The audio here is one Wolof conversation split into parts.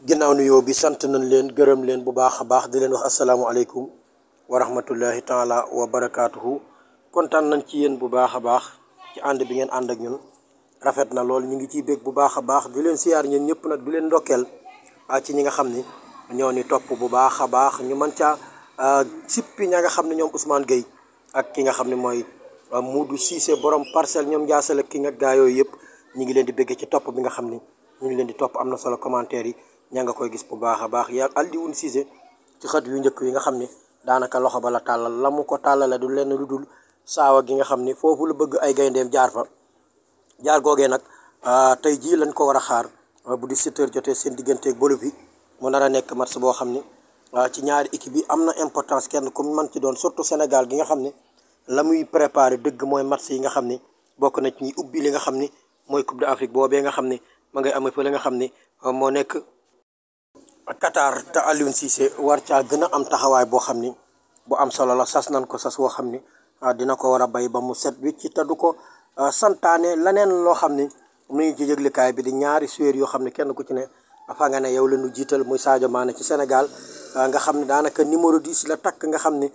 ginnaaw nuyoo bi sant nañ leen gërëm leen bu baax a baax di leen wax asalaamualeykum wa rahmatullahi taala wa barakaatuhu kontaan nañ ci yéen bu baax a baax ci ànd bi ngeen ànd ak ñun rafet na lool ñu ngi ciy bég bu baax a baax di leen siyaar ñun ñëpp nag du leen ndokkeel ah, ci ñi nga xam ni ñoo ni topp bu baax a baax ñu mën caa ah, sippi ña nga xam ne ñoom Ousmane Gueye ak ki nga xam ne mooy ah, mu du Cissé borom parcelle ñoom jaasal ak ki nga gaa yooyu yëpp ñu ngi leen di bégge ci topp bi nga xam ni ñu ngi leen di topp am na solo commentaire yi ña nga koy gis bu baax a baax yaa Alioune Cissé ci xët yu njëkk yi nga xam ne daanaka loxo ba la tàllal la mu ko tàllale du lenn lu dul saawa gi nga xam ni foofu la bëgg ay gayndeem jaar fa jaar googee nag ah, tey jii lañ ko war a xaar ah, bu 17h jotee seen digganteeg bi mu nar a nekk match boo xam ne ah, ci ñaari équipe yi am na importance kenn ku man ci doon surtout Sénégal gi nga xam ne la muy préparé dëgg mooy match yi nga xam ni bokk na ci ñi ubbi li nga xam ne mooy Coupe d'Afrique boobee nga xam ne ma ngay amee fa li nga xam ne moo nekk Qatar te Aliou Cissé war caa gën a am taxawaay boo xam ni bu am solo la sas nañ ko sas woo xam ni ah, dina ko war a bay ba mu set wicc te du ko ah, santaane leneen loo xam ni mu ngi ci yëglikaay bi di ñaari suyeer yoo xam ne kenn ku ci ne fa nga ne yow la ñu jiital muy Sadio Mané ci Sénégal ah, nga xam ne daanaka numéro 10 la takk nga xam ni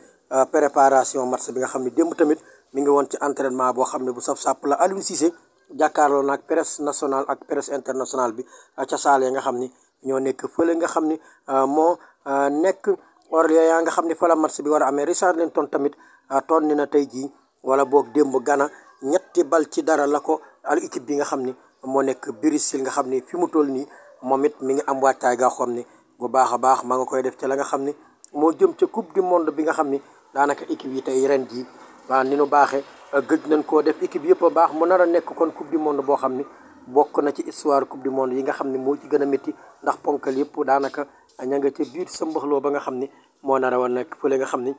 préparation match bi nga xam ne démb tamit mi ngi woon ci entraînement boo xam ne bu saf sàpp la Aliou Cissé jàkkaarloo naag presse ak presse internationale bi ca saal nga xam ni. ñoo nekk fële nga xam ni euh, moo euh, nekk Orléans yaa nga xam ni fa marché match bi war a amee ton tamit euh, ton ni na tey jii wala boog démb Gana ñetti bal ci dara la ko al équipe bi nga xam ni moo nekk Brésil nga xam ni fi mu toll nii moom it mi ngi am waajtaay gaa xam ni bu baax a baax maa nga koy def ci la nga xam ni moo jëm ca coupe du monde bi nga xam ni daanaka équipe yi tey ren jii waaw ni nu baaxee gëj nañ koo def équipe yëpp baax mu nar a nekk kon coupe du monde boo xam ni bokk na ci histoire coupe du monde yi nga xam ne moo ci gën a métti ndax ponkal yëpp daanaka ña nga ca biir sëmbaxloo ba nga xam ni moo nar a woon nekk fële nga xam ni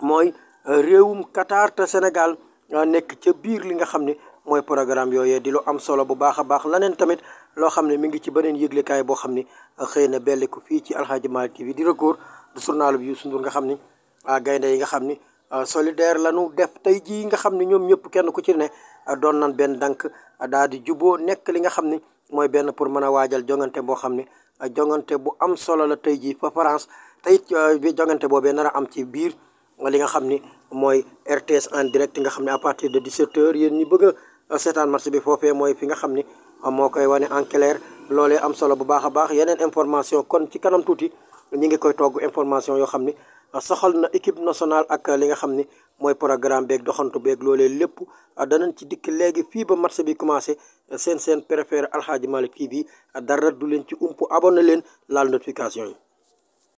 mooy euh, réewum Qatar te Sénégal euh, nekk ca biir li nga xam ni mooy programme yooyee di lu am solo bu baax a baax leneen tamit loo xam ne mi ngi ci beneen yëglekaay boo xam ni euh, xëy na ko fii ci Aladji Malick TV di record du journal bi Youssou Ndour nga xam ni gaynde yi nga xam ni Euh, solidaire lañu def tey jii nga xam ne ñoom ñëpp kenn ku ci ne euh, doon nan benn dank euh, daal di juboo nekk li nga xam ni mooy benn pour mën a waajal jongante boo xam ne jongante bu am solo la tey jii fa France tey it jongante boobee nar a am ci biir li nga xam ni mooy RTS en direct nga xam ne a partir de 17h yéen ñi bëgg a seetaan match bi foofee mooy fi nga xam ni moo koy wane en clair loolee am solo bu baax a baax yeneen information kon ci kanam tuuti ñi ngi koy togg information yoo xam ni soxal na équipe nationale ak li nga xam ni mooy programme beeg doxantu beeg loole lépp danañ ci dikk léegi fii ba match bi commencé seen seen préféré Aladji Malick TV dara du leen ci ump abonné leen laal notification yi.